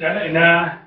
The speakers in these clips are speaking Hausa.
ina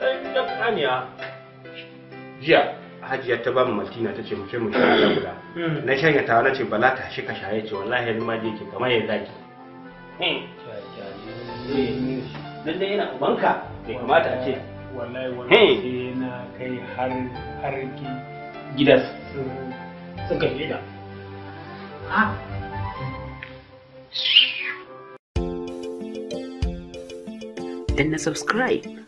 ɗan saniya jiya hajiya ta ba mu maltina ta ce mu ce mu shanya guda na shanya ta na ce bala ta shi ka shaye ce wallahi ni ma je ke kamar ya zaki lalle yana ubanka bai kamata a ce wallahi wallahi na kai har har gida suka yi da ha dan na subscribe